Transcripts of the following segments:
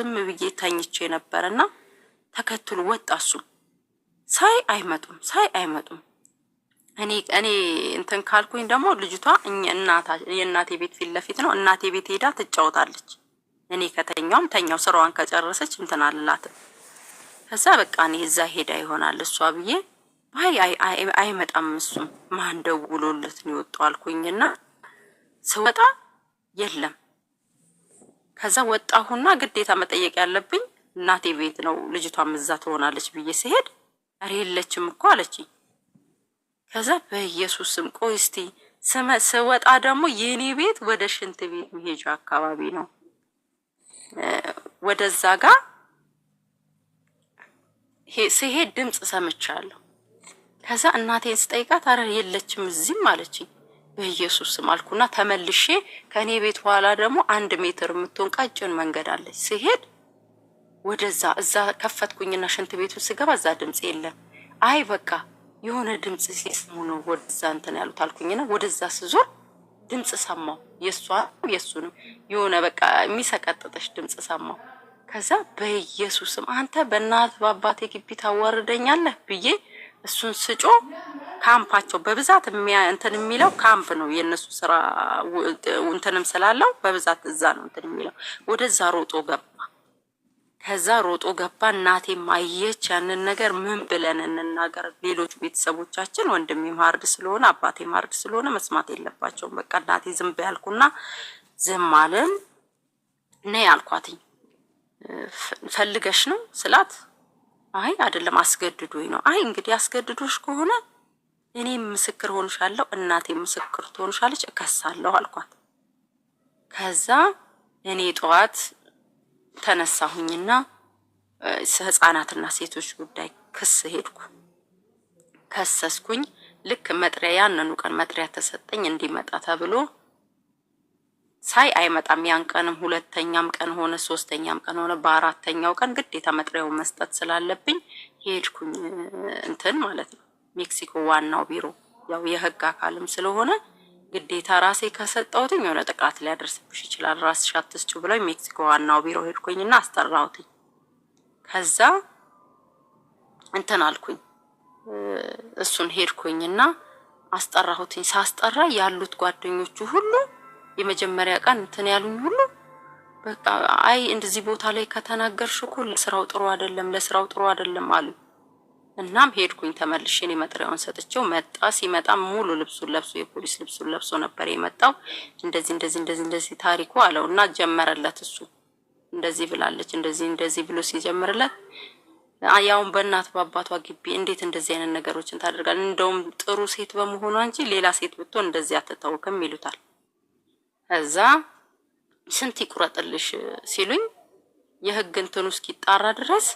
ዝም ብዬ ተኝቼ ነበር ና ተከትሎ ወጣ። እሱም ሳይ አይመጡም፣ ሳይ አይመጡም። እኔ እኔ እንትን ካልኩኝ ደግሞ ልጅቷ የእናቴ ቤት ፊት ለፊት ነው። እናቴ ቤት ሄዳ ትጫወታለች። እኔ ከተኛውም ተኛው ስራዋን ከጨረሰች እንትን አልላትም። ከዛ በቃ እኔ እዛ ሄዳ ይሆናል እሷ ብዬ ይ አይመጣም። እሱም ማን ደውሎለት ነው የወጣው አልኩኝና ስወጣ የለም ከዛ ወጣሁና ግዴታ መጠየቅ ያለብኝ እናቴ ቤት ነው፣ ልጅቷ እዛ ትሆናለች ብዬ ስሄድ ኧረ የለችም እኮ አለችኝ። ከዛ በኢየሱስ ስም ቆይ እስቲ ስወጣ ደግሞ የኔ ቤት ወደ ሽንት ቤት መሄጃ አካባቢ ነው። ወደዛ ጋር ስሄድ ድምፅ ሰምቻለሁ። ከዛ እናቴን ስጠይቃት አረ የለችም እዚህም አለችኝ። በኢየሱስ ስም አልኩና ተመልሼ ከእኔ ቤት በኋላ ደግሞ አንድ ሜትር የምትሆን ቀጭን መንገድ አለች። ስሄድ ወደዛ እዛ ከፈትኩኝና ሽንት ቤቱ ስገባ እዛ ድምፅ የለም። አይ በቃ የሆነ ድምፅ ሲስሙ ነው ወደዛ እንትን ያሉት አልኩኝና ወደዛ ስዞር ድምፅ ሰማሁ። የእሷ የእሱንም የሆነ በቃ የሚሰቀጥጠሽ ድምፅ ሰማሁ። ከዛ በኢየሱስም አንተ በእናት በአባቴ ግቢ ታዋርደኛለህ ብዬ እሱን ስጮ ካምፓቸው በብዛት እንትን የሚለው ካምፕ ነው። የእነሱ ስራ እንትንም ስላለው በብዛት እዛ ነው እንትን የሚለው። ወደዛ ሮጦ ገባ። ከዛ ሮጦ ገባ። እናቴም አየች ያንን ነገር። ምን ብለን እንናገር? ሌሎች ቤተሰቦቻችን ወንድሜም ማርድ ስለሆነ አባቴ ማርድ ስለሆነ መስማት የለባቸውም። በቃ እናቴ ዝም ያልኩና ዝም አለን። ነይ አልኳትኝ። ፈልገሽ ነው ስላት አይ አይደለም አስገድዶኝ ነው። አይ እንግዲህ አስገድዶሽ ከሆነ እኔ ምስክር ሆንሻለሁ፣ እናቴ ምስክር ትሆንሻለች፣ እከሳለሁ አልኳት። ከዛ እኔ ጠዋት ተነሳሁኝና ህፃናትና ሴቶች ጉዳይ ክስ ሄድኩ፣ ከሰስኩኝ። ልክ መጥሪያ ያንኑ ቀን መጥሪያ ተሰጠኝ እንዲመጣ ተብሎ ሳይ አይመጣም። ያን ቀንም ሁለተኛም ቀን ሆነ ሶስተኛም ቀን ሆነ። በአራተኛው ቀን ግዴታ መጥሪያው መስጠት ስላለብኝ ሄድኩኝ እንትን ማለት ነው ሜክሲኮ ዋናው ቢሮ ያው የህግ አካልም ስለሆነ ግዴታ ራሴ ከሰጠሁትኝ የሆነ ጥቃት ሊያደርስብሽ ይችላል፣ ራስሽ አትስጩ ብለው ሜክሲኮ ዋናው ቢሮ ሄድኩኝና አስጠራሁትኝ። ከዛ እንትን አልኩኝ እሱን ሄድኩኝና አስጠራሁትኝ። ሳስጠራ ያሉት ጓደኞቹ ሁሉ የመጀመሪያ ቀን እንትን ያሉኝ ሁሉ በቃ አይ እንደዚህ ቦታ ላይ ከተናገርሽ እኮ ለስራው ጥሩ አይደለም፣ ለስራው ጥሩ አይደለም አሉ። እናም ሄድኩኝ ተመልሼ እኔ መጥሪያውን ሰጥቼው መጣ። ሲመጣ ሙሉ ልብሱን ለብሶ የፖሊስ ልብሱን ለብሶ ነበር የመጣው። እንደዚህ እንደዚህ እንደዚህ እንደዚህ ታሪኩ አለው እና ጀመረለት። እሱ እንደዚህ ብላለች እንደዚህ እንደዚህ ብሎ ሲጀምርለት ያውን በእናት በአባቷ ግቢ እንዴት እንደዚህ አይነት ነገሮችን ታደርጋለን እንደውም ጥሩ ሴት በመሆኗ እንጂ ሌላ ሴት ብትሆን እንደዚህ አትታወቅም ይሉታል። እዛ ስንት ይቁረጥልሽ ሲሉኝ የህግ እንትኑ እስኪጣራ ድረስ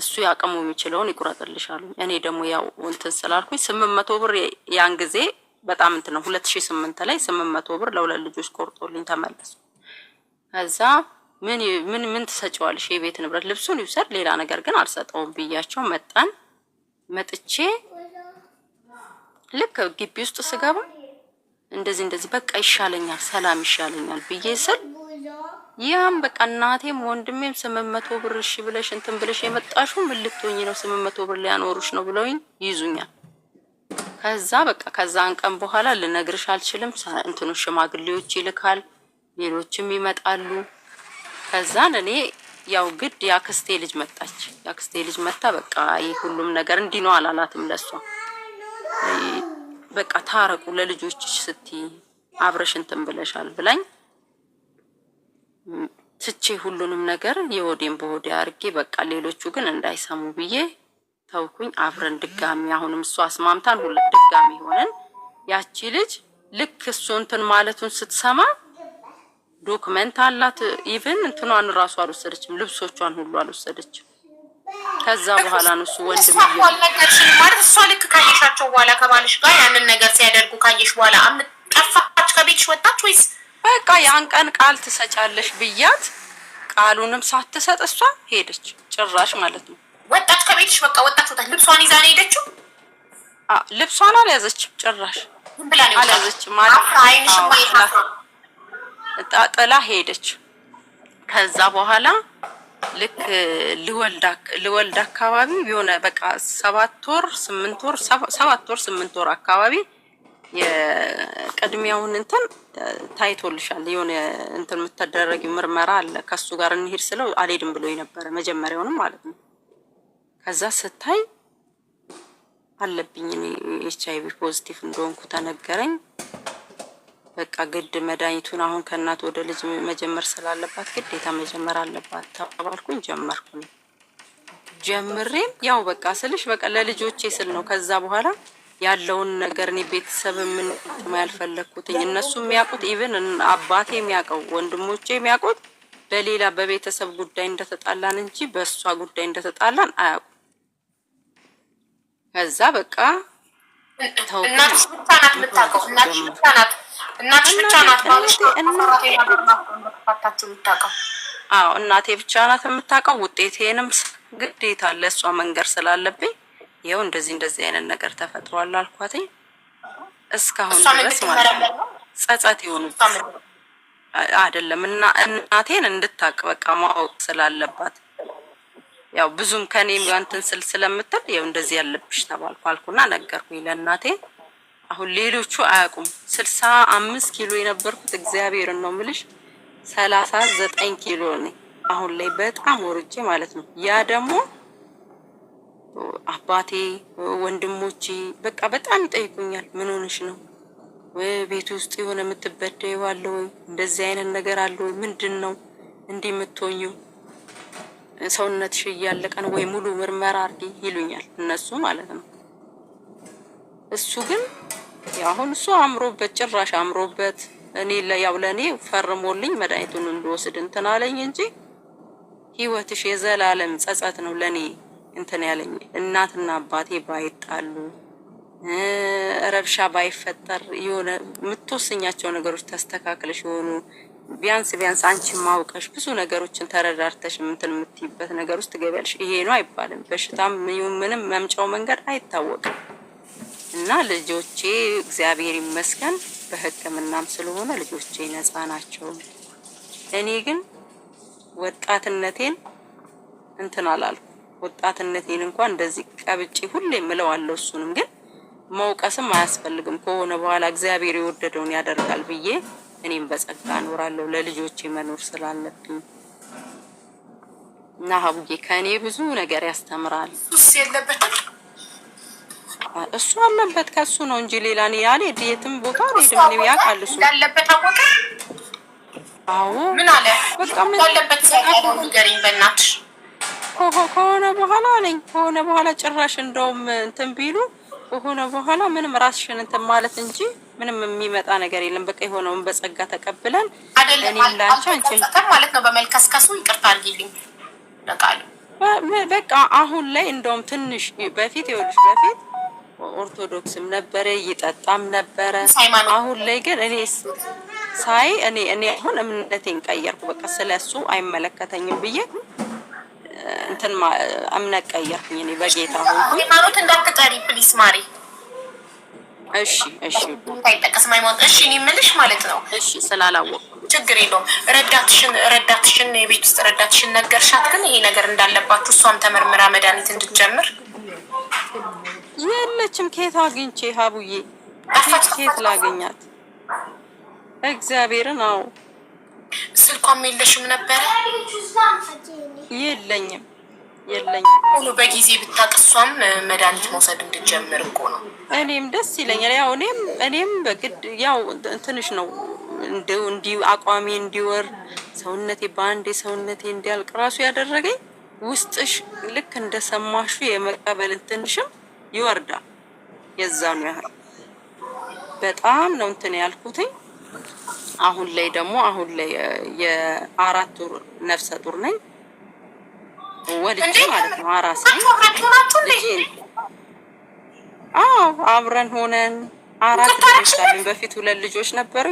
እሱ ያቅሙ የሚችለውን ይቁረጥልሽ እኔ ደግሞ ያው እንትን ስላልኩኝ ስምንት መቶ ብር ያን ጊዜ በጣም እንትን ነው ሁለት ሺህ ስምንት ላይ ስምንት መቶ ብር ለሁለት ልጆች ቆርጦልኝ ተመለሱ። ከዛ ምን ምን ምን ትሰጪዋለሽ? የቤት ንብረት ልብሱን ይውሰድ፣ ሌላ ነገር ግን አልሰጠውም ብያቸው መጣን። መጥቼ ልክ ግቢ ውስጥ ስገባ እንደዚህ እንደዚህ በቃ ይሻለኛል፣ ሰላም ይሻለኛል ብዬ ስል ይህም በቃ እናቴም ወንድሜም ስምንት መቶ ብር እሺ ብለሽ እንትን ብለሽ የመጣሹ ምን ልትሆኝ ነው? ስምንት መቶ ብር ሊያኖሩሽ ነው ብለውኝ ይዙኛል። ከዛ በቃ ከዛን ቀን በኋላ ልነግርሽ አልችልም። እንትኑ ሽማግሌዎች ይልካል፣ ሌሎችም ይመጣሉ። ከዛን እኔ ያው ግድ የአክስቴ ልጅ መጣች። የአክስቴ ልጅ መጣ። በቃ ይህ ሁሉም ነገር እንዲህ አላላትም። ለሷ በቃ ታረቁ ለልጆችሽ ስትይ አብረሽ እንትን ብለሻል ብላኝ ትቼ ሁሉንም ነገር የወዴን በወዴ አድርጌ በቃ ሌሎቹ ግን እንዳይሰሙ ብዬ ተውኩኝ። አብረን ድጋሚ አሁንም እሱ አስማምታን ሁሉ ድጋሚ ሆነን ያቺ ልጅ ልክ እሱ እንትን ማለቱን ስትሰማ ዶክመንት አላት። ኢቭን እንትኗን ራሱ አልወሰደችም፣ ልብሶቿን ሁሉ አልወሰደችም። ከዛ በኋላ ነው እሱ ወንድም ማለት እሷ ልክ ካየሻቸው በኋላ ከባልሽ ጋር ያንን ነገር ሲያደርጉ ካየሽ በኋላ ጠፋች፣ ከቤትሽ ወጣች ወይስ በቃ ያን ቀን ቃል ትሰጫለሽ ብያት ቃሉንም ሳትሰጥ እሷ ሄደች። ጭራሽ ማለት ነው ወጣች ከቤትሽ። በቃ ወጣች ወጣች። ልብሷን ይዛ ነው የሄደችው። ልብሷን አልያዘችም፣ ጭራሽ አልያዘችም። ጥላ ሄደች። ከዛ በኋላ ልክ ልወልድ አካባቢ የሆነ በቃ ሰባት ወር ስምንት ወር ሰባት ወር ስምንት ወር አካባቢ የቅድሚያውን እንትን ታይቶልሻል፣ የሆነ እንትን የምታደረግ ምርመራ አለ፣ ከሱ ጋር እንሄድ ስለው አልሄድም ብሎ የነበረ መጀመሪያውንም ማለት ነው። ከዛ ስታይ አለብኝ ኤች አይቪ ፖዚቲቭ እንደሆንኩ ተነገረኝ። በቃ ግድ መድኃኒቱን አሁን ከእናት ወደ ልጅ መጀመር ስላለባት ግዴታ መጀመር አለባት ተባልኩኝ። ጀመርኩኝ ጀምሬም ያው በቃ ስልሽ በቃ ለልጆቼ ስል ነው። ከዛ በኋላ ያለውን ነገር እኔ ቤተሰብ ምን ጥማ ያልፈለግኩትኝ እነሱ የሚያውቁት ኢቨን አባቴ የሚያውቀው ወንድሞቼ የሚያውቁት በሌላ በቤተሰብ ጉዳይ እንደተጣላን እንጂ በእሷ ጉዳይ እንደተጣላን አያቁ ከዛ በቃ ማለት ነው። እናቴ ብቻ ናት የምታውቀው ውጤቴንም ግዴታ ለእሷ መንገር ስላለብኝ ይኸው እንደዚህ እንደዚህ አይነት ነገር ተፈጥሯል አልኳትኝ። እስካሁን ድረስ ማለት ነው ጸጸት የሆኑበት አይደለም እና እናቴን እንድታቅ በቃ ማወቅ ስላለባት ያው ብዙም ከኔም ጋር እንትን ስል ስለምትል ያው እንደዚህ ያለብሽ ተባልኩ አልኩና ነገርኩኝ ለእናቴ። አሁን ሌሎቹ አያውቁም። ስልሳ አምስት ኪሎ የነበርኩት እግዚአብሔርን ነው ምልሽ ሰላሳ ዘጠኝ ኪሎ ነኝ አሁን ላይ በጣም ወርጄ ማለት ነው ያ ደግሞ አባቴ፣ ወንድሞቼ በቃ በጣም ይጠይቁኛል። ምን ሆንሽ ነው? ቤት ውስጥ የሆነ የምትበደይው አለ ወይ? እንደዚህ አይነት ነገር አለ ወይ? ምንድን ነው እንዲህ የምትሆኝው? ሰውነትሽ እያለቀ ነው ወይ? ሙሉ ምርመራ አድርጊ ይሉኛል እነሱ ማለት ነው። እሱ ግን አሁን እሱ አምሮበት ጭራሽ አምሮበት እኔ ያው ለእኔ ፈርሞልኝ መድኃኒቱን እንድወስድ እንትን አለኝ እንጂ ህይወትሽ የዘላለም ጸጸት ነው ለእኔ እንትን ያለኝ እናትና አባቴ ባይጣሉ ረብሻ ባይፈጠር የሆነ የምትወስኛቸው ነገሮች ተስተካክለሽ የሆኑ ቢያንስ ቢያንስ አንቺ ማውቀሽ ብዙ ነገሮችን ተረዳርተሽ ምንትን የምትይበት ነገር ውስጥ ገቢያለሽ። ይሄ ነው አይባልም። በሽታም ምንም መምጫው መንገድ አይታወቅም እና ልጆቼ እግዚአብሔር ይመስገን በሕክምናም ስለሆነ ልጆቼ ነፃ ናቸው። እኔ ግን ወጣትነቴን እንትን አላልኩ ወጣትነቴን እንኳን እንደዚህ ቀብጬ ሁሌ ምለዋለሁ። እሱንም ግን መውቀስም አያስፈልግም። ከሆነ በኋላ እግዚአብሔር የወደደውን ያደርጋል ብዬ እኔም በጸጋ እኖራለሁ። ለልጆቼ መኖር ስላለብኝ እና ሀቡጌ ከእኔ ብዙ ነገር ያስተምራል። እሱ አለበት ከሱ ነው እንጂ ሌላ እኔ ያኔ የትም ቦታ ሄድም ነው ያውቃል እሱ አዎ ምን አለ በቃ ምን አለበት ሳይቀር ንገሪኝ በእናትሽ ከሆነ በኋላ ነኝ ከሆነ በኋላ ጭራሽ እንደውም እንትን ቢሉ ከሆነ በኋላ ምንም ራስሽን እንትን ማለት እንጂ ምንም የሚመጣ ነገር የለም። በቃ የሆነውን በጸጋ ተቀብለን እኔም ማለት ነው። በመልከስከሱ ይቅርታ አድርጊልኝ በቃ አሁን ላይ እንደውም ትንሽ በፊት ይኸውልሽ በፊት ኦርቶዶክስም ነበረ ይጠጣም ነበረ። አሁን ላይ ግን እኔ ሳይ እኔ እኔ አሁን እምነቴን ቀየርኩ። በቃ ስለ ስለሱ አይመለከተኝም ብዬ እንትን እምነት ቀየርኩኝ እኔ በጌታ ሆንኩኝ። ሃይማኖት እንዳትቀሪ ፕሊስ ማሪ። እሺ እሺ፣ አይጠቀስም ማይሞት። እሺ እኔ የምልሽ ማለት ነው። እሺ ስላላወቅኩ ችግር የለውም። ረዳትሽን ረዳትሽን የቤት ውስጥ ረዳትሽን ነገርሻት ግን ይሄ ነገር እንዳለባችሁ እሷም ተመርምራ መድኃኒት እንድትጀምር የለችም። ከየት አግኝቼ ሀቡዬ፣ ከየት ላገኛት? እግዚአብሔርን አዎ ስልኳም የለሽም ነበረ? የለኝም የለኝም። ሁሉ በጊዜ ብታቅሷም መድኃኒት መውሰድ እንድጀምር እኮ ነው። እኔም ደስ ይለኛል። ያው እኔም እኔም በግድ ያው ትንሽ ነው እንዲ አቋሚ እንዲወር ሰውነቴ በአንዴ ሰውነቴ እንዲያልቅ ራሱ ያደረገኝ ውስጥሽ ልክ እንደሰማሹ የመቀበልን ትንሽም ይወርዳል። የዛኑ ያህል በጣም ነው እንትን ያልኩትኝ አሁን ላይ ደግሞ አሁን ላይ የአራት ወር ነፍሰ ጡር ነኝ። ወልጄ ማለት ነው አራስ ነኝ። አዎ አብረን ሆነን አራት ልጆች አሉኝ። በፊት ሁለት ልጆች ነበሩ።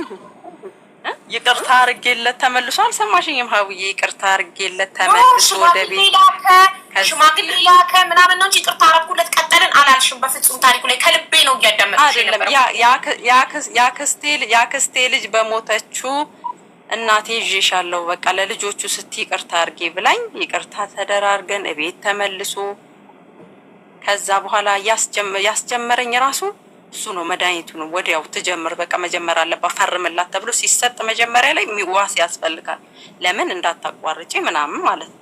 ይቅርታ አድርጌለት ተመልሶ አልሰማሽኝም? ሀውዬ ይቅርታ አድርጌለት ተመልሶ ወደ ቤት ሽማግሌ ላከ ምናምን ነው እንጂ ይቅርታ አደረኩለት ቀጠልን አላልሽም። በፍጹም ታሪኩ ላይ ከልቤ ነው እያዳመጥኩሽ ያክስቴ የአክስቴ ልጅ በሞተችው እናቴ ይዤሻለሁ በቃ ለልጆቹ ስትይ ይቅርታ አድርጌ ብላኝ ይቅርታ ተደራርገን እቤት ተመልሶ ከዛ በኋላ ያስጀመረኝ ራሱ እሱ ነው መድኃኒቱ ነው። ወዲያው ትጀምር በቃ መጀመር አለባት ፈርምላት ተብሎ ሲሰጥ መጀመሪያ ላይ ዋስ ያስፈልጋል። ለምን እንዳታቋርጪ ምናምን ማለት ነው።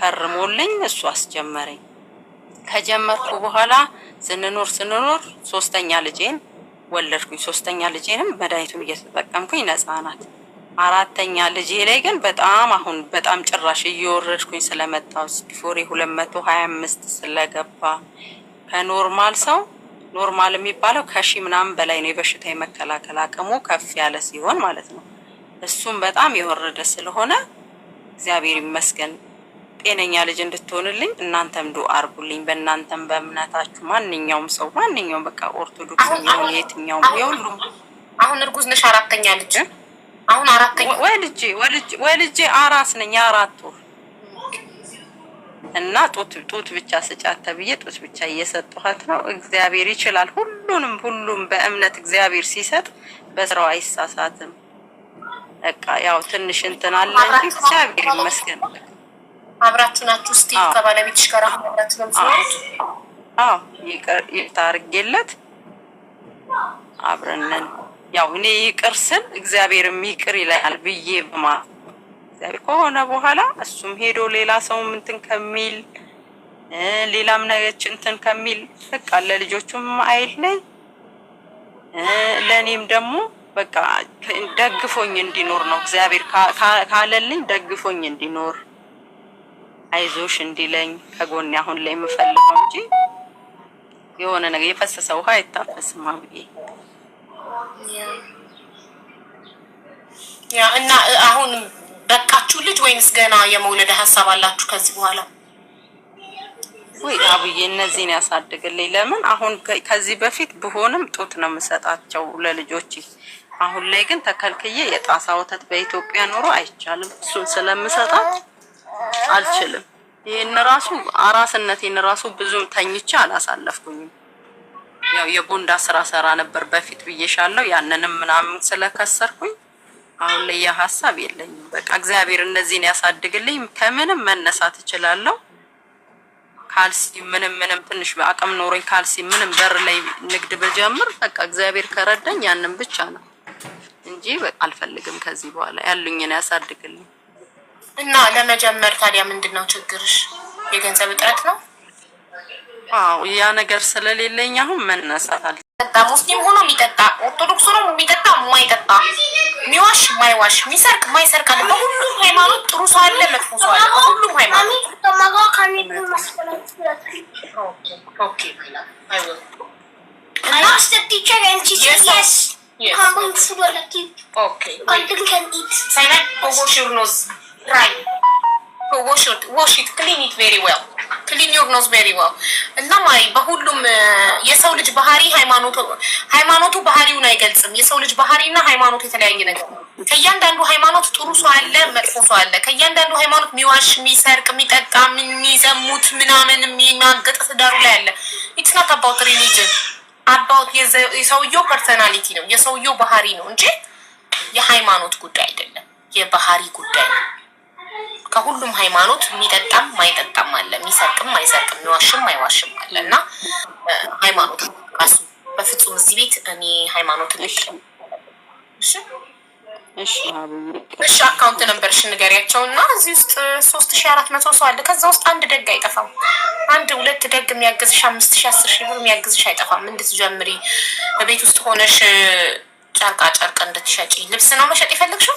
ፈርሞልኝ እሱ አስጀመረኝ። ከጀመርኩ በኋላ ስንኖር ስንኖር ሶስተኛ ልጄን ወለድኩኝ። ሶስተኛ ልጄንም መድኃኒቱን እየተጠቀምኩኝ ነጻ ናት። አራተኛ ልጄ ላይ ግን በጣም አሁን በጣም ጭራሽ እየወረድኩኝ ስለመጣው ቢፎሬ ሁለት መቶ ሀያ አምስት ስለገባ ከኖርማል ሰው ኖርማል የሚባለው ከሺ ምናምን በላይ ነው። የበሽታ የመከላከል አቅሙ ከፍ ያለ ሲሆን ማለት ነው። እሱም በጣም የወረደ ስለሆነ እግዚአብሔር ይመስገን ጤነኛ ልጅ እንድትሆንልኝ እናንተም ዱ አርጉልኝ። በእናንተም በእምነታችሁ ማንኛውም ሰው ማንኛውም በቃ ኦርቶዶክስ የሚሆን የትኛውም የሁሉም አሁን እርጉዝ ነሽ አራተኛ ልጅ አሁን አራተኛ ወልጄ ወልጄ አራስ ነኝ አራት ወር እና ጡት ጡት ብቻ ስጫት ተብዬ ጡት ብቻ እየሰጡሃት ነው። እግዚአብሔር ይችላል ሁሉንም። ሁሉም በእምነት እግዚአብሔር ሲሰጥ በስራው አይሳሳትም። በቃ ያው ትንሽ እንትን አለ እንጂ እግዚአብሔር ይመስገን። አብራችሁ ናችሁ? እስቲ ከባለቤትሽ ጋር አብራችሁ ነው? አዎ ይቅርታ አድርጌለት አብረንን ያው እኔ ይቅር ስል እግዚአብሔርም ይቅር ይላል ብዬ በማ እግዚአብሔር ከሆነ በኋላ እሱም ሄዶ ሌላ ሰውም እንትን ከሚል ሌላም ነገች እንትን ከሚል በቃ ለልጆቹም አይለኝ ለእኔም ደግሞ በቃ ደግፎኝ እንዲኖር ነው እግዚአብሔር ካለልኝ ደግፎኝ እንዲኖር አይዞሽ እንዲለኝ ከጎን አሁን ላይ የምፈልገው እንጂ የሆነ ነገር የፈሰሰ ውሃ አይታፈስም። አብዬ ያ እና አሁንም በቃችሁ ልጅ ወይንስ ገና የመውለድ ሀሳብ አላችሁ ከዚህ በኋላ? ወይ አብዬ እነዚህን ያሳድግልኝ። ለምን አሁን ከዚህ በፊት ብሆንም ጡት ነው የምሰጣቸው ለልጆች። አሁን ላይ ግን ተከልክዬ የጣሳ ወተት በኢትዮጵያ ኑሮ አይቻልም። እሱን ስለምሰጣት አልችልም። ይህን ራሱ አራስነቴን ራሱ ብዙም ተኝቼ አላሳለፍኩኝም። ያው የቦንዳ ስራ ሰራ ነበር በፊት ብዬሻለሁ። ያንንም ምናምን ስለከሰርኩኝ አሁን ላይ ያ ሀሳብ የለኝም። በቃ እግዚአብሔር እነዚህን ያሳድግልኝ። ከምንም መነሳት እችላለሁ። ካልሲ ምንም ምንም ትንሽ በአቅም ኖሮኝ ካልሲ ምንም በር ላይ ንግድ ብጀምር በቃ እግዚአብሔር ከረዳኝ ያንን ብቻ ነው እንጂ በቃ አልፈልግም። ከዚህ በኋላ ያሉኝን ያሳድግልኝ እና ለመጀመር ታዲያ ምንድን ነው ችግርሽ? የገንዘብ እጥረት ነው? አዎ ያ ነገር ስለሌለኝ አሁን መነሳት የሚጠጣ ሙስሊም ሆኖ የሚጠጣ ኦርቶዶክስ ሆኖ የሚጠጣ የማይጠጣ የሚዋሽ የማይዋሽ የሚሰርቅ የማይሰርቅ አለ። በሁሉም ሃይማኖት ጥሩ ሰው አለ፣ መጥፎ ሰው አለ። በሁሉም ሃይማኖት ኦኬ ኦኬ ክሊን ዮር ኖዝ ቬሪ ዌል እና ማይ በሁሉም የሰው ልጅ ባህሪ ሃይማኖቱ ሃይማኖቱ ባህሪውን አይገልጽም። የሰው ልጅ ባህሪና ሃይማኖት የተለያየ ነገር ከእያንዳንዱ ሃይማኖት ጥሩ ሰው አለ፣ መጥፎ ሰው አለ። ከእያንዳንዱ ሃይማኖት የሚዋሽ፣ የሚሰርቅ፣ የሚጠጣ፣ የሚዘሙት፣ ምናምን የሚማገጥ ትዳሩ ላይ አለ። ኢትስ ናት አባውት ሪሊጅን አባውት የሰውየው ፐርሰናሊቲ ነው የሰውየው ባህሪ ነው እንጂ የሃይማኖት ጉዳይ አይደለም፣ የባህሪ ጉዳይ ነው። ከሁሉም ሃይማኖት የሚጠጣም ማይጠጣም አለ፣ የሚሰርቅም አይሰርቅም፣ የሚዋሽም አይዋሽም አለ እና ሃይማኖት ራሱ በፍጹም እዚህ ቤት እኔ ሃይማኖት እሺ፣ አካውንት ነበርሽ ንገሪያቸው እና እዚህ ውስጥ ሶስት ሺ አራት መቶ ሰው አለ። ከዛ ውስጥ አንድ ደግ አይጠፋም። አንድ ሁለት ደግ የሚያገዝሽ አምስት ሺ አስር ሺ ብር የሚያገዝሽ አይጠፋም። እንድትጀምሪ ቤት ውስጥ ሆነሽ ጨርቃ ጨርቅ እንድትሸጪ ልብስ ነው መሸጥ የፈለግሽው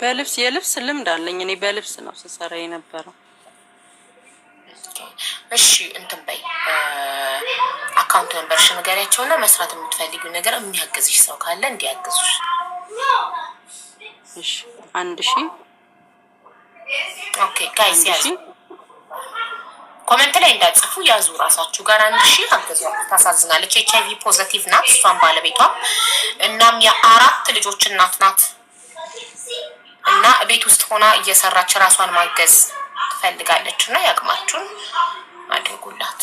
በልብስ የልብስ ልምድ አለኝ እኔ በልብስ ነው ስሰራ የነበረው። እሺ እንትን በይ አካውንት ወንበርሽ ንገሪያቸውና መስራት የምትፈልጊ ነገር የሚያግዝሽ ሰው ካለ እንዲያግዙሽ። እሺ አንድ ሺ ኦኬ ጋይስ ያዙ። ኮመንት ላይ እንዳጽፉ ያዙ። ራሳችሁ ጋር አንድ ሺ አገዙ። ታሳዝናለች። ኤች አይቪ ፖዘቲቭ ናት እሷም ባለቤቷም። እናም የአራት ልጆች እናት ናት። እና ቤት ውስጥ ሆና እየሰራች ራሷን ማገዝ ትፈልጋለች እና ያቅማችሁን አድርጉላት።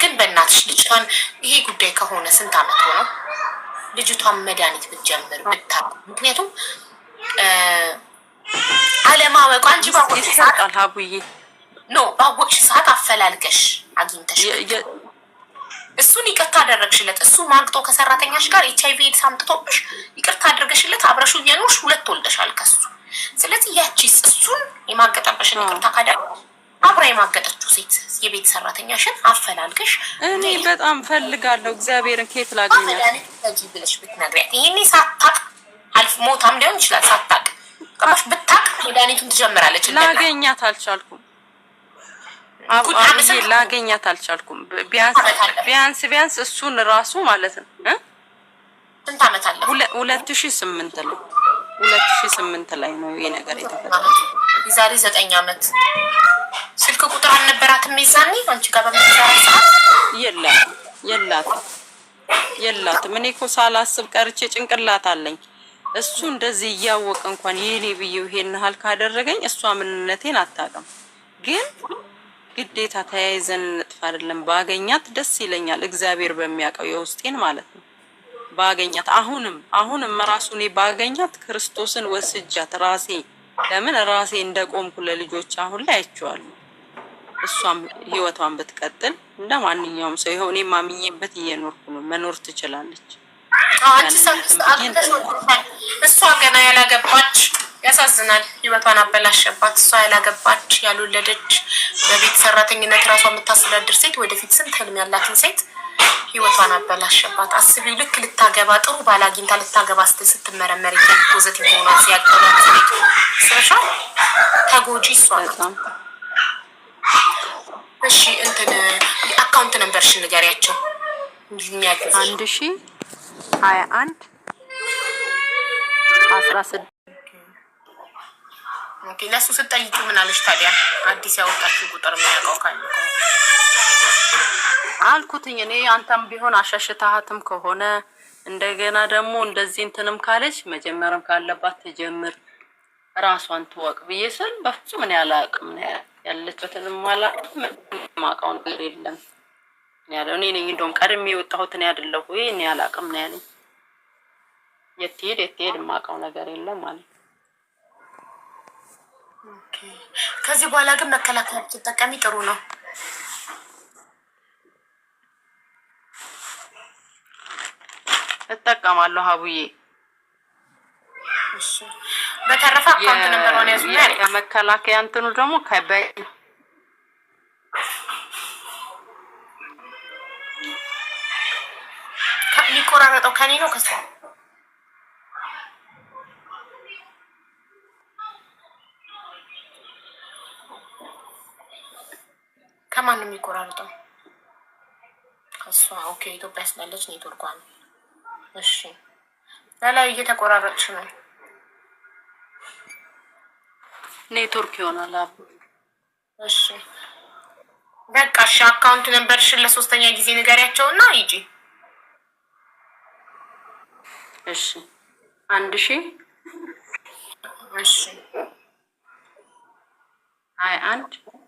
ግን በእናትሽ ልጅቷን ይሄ ጉዳይ ከሆነ ስንት አመት ሆነው ልጅቷን መድኃኒት ብትጀምር ብታ ምክንያቱም አለማወቋ እንጂ ባወቅሽ ሰዓት ኖ ባወቅሽ ሰዓት አፈላልገሽ አግኝተሽ አደረግሽለት። እሱ ማግጦ ከሰራተኛሽ ጋር ኤች አይቪ ኤድስ አምጥቶብሽ ይቅርታ አድርገሽለት አብረሹ እየኖርሽ ሁለት ወልደሻል ከሱ። ስለዚህ ያቺስ እሱን የማገጠበሽን ይቅርታ ካዳ አብራ የማገጠችው ሴት የቤት ሰራተኛሽን አፈላልገሽ እኔ በጣም ፈልጋለሁ እግዚአብሔርን ኬት ላገኛል ብለሽ ብትነግሪያት ይህኔ ሳታቅ አልፍ ሞታም ሊሆን ይችላል ሳታቅ ቅባሽ ብታቅ መድኃኒቱን ትጀምራለች። ላገኛት አልቻልኩም። አቋሚ ላገኛት አልቻልኩም። ቢያንስ ቢያንስ እሱን ራሱ ማለት ነው ስንት ዓመት አለ? ሁለት ሺህ ስምንት ነው ሁለት ሺህ ስምንት ላይ ነው ይሄ ነገር የተፈጠረው። የዛሬ ዘጠኝ ዓመት ስልክ ቁጥር አልነበራትም የዛኔ አንቺ ጋር በምትሰራ ሰዓት የላት የላትም። እኔ እኮ ሳላስብ ቀርቼ ጭንቅላት አለኝ እሱ እንደዚህ እያወቀ እንኳን የኔ ብዬው ይሄን ያህል ካደረገኝ እሷ ምንነቴን አታውቅም ግን ግዴታ ተያይዘን እንጥፍ አይደለም። ባገኛት ደስ ይለኛል፣ እግዚአብሔር በሚያውቀው የውስጤን ማለት ነው። ባገኛት አሁንም አሁንም ራሱ እኔ ባገኛት ክርስቶስን ወስጃት ራሴ ለምን ራሴ እንደቆምኩ ለልጆች አሁን ላይ አይቼዋለሁ። እሷም ህይወቷን ብትቀጥል እንደ ማንኛውም ሰው ይኸው እኔ ማምኜበት እየኖርኩ ነው። መኖር ትችላለች። እሷ ገና ያላገባች ያሳዝናል። ህይወቷን አበላሸባት። እሷ ያላገባች ያልወለደች በቤት ሰራተኝነት ራሷ የምታስተዳድር ሴት ወደፊት ስንት ህልም ያላትን ሴት ህይወቷን አበላሸባት። አስቢ፣ ልክ ልታገባ ጥሩ ባል አግኝታ ልታገባ ስትል ስትመረመር ፖዘቲ ሆኗ ሲያቀባት ሴት ስረሻ ተጎጂ እሷ ናት። እሺ እንትን አካውንት ነምበርሽ ንገሪያቸው። አንድ ሺ ሀያ አንድ አስራ ስድስት ኦኬ። ለእሱ ስትጠይቂው ምን አለች ታዲያ? አዲስ ያወጣችሁ ቁጥር የሚያውቀው ካለ አልኩትኝ እኔ አንተም ቢሆን አሻሽታሃትም ከሆነ እንደገና ደግሞ እንደዚህ እንትንም ካለች መጀመርም ካለባት ትጀምር ራሷን ትወቅ ብዬ ስል በፍጹም እኔ አላውቅም ያለችበትንም አላውቅም። የማውቀው ነገር የለም ያለው እኔ ነኝ። እንደውም ቀድሜ የወጣሁት እኔ አይደለሁ። ይሄ እኔ አላውቅም ነው ያለኝ። የት ሄድ የት ሄድ የማውቀው ነገር የለም ማለት ከዚህ በኋላ ግን መከላከያ ብትጠቀሚ ጥሩ ነው። እጠቀማለሁ ሀቡዬ። በተረፈ አካውንት ነበር ሆነ ያዙ የመከላከያ እንትኑ ደግሞ ከበይ የሚቆራረጠው ከኔ ነው ከሷ ከማንም የሚቆራርጠው እሷ ኦኬ፣ ኢትዮጵያ ስላለች ኔትወርኳ ነው። እሺ፣ ለላይ እየተቆራረጥሽ ነው። ኔትወርክ ይሆናል። እሺ፣ በቃ እሺ። አካውንት ነበርሽን ለሶስተኛ ጊዜ ንገሪያቸውና ሂጂ። እሺ፣ አንድ ሺ እሺ፣ አይ አንድ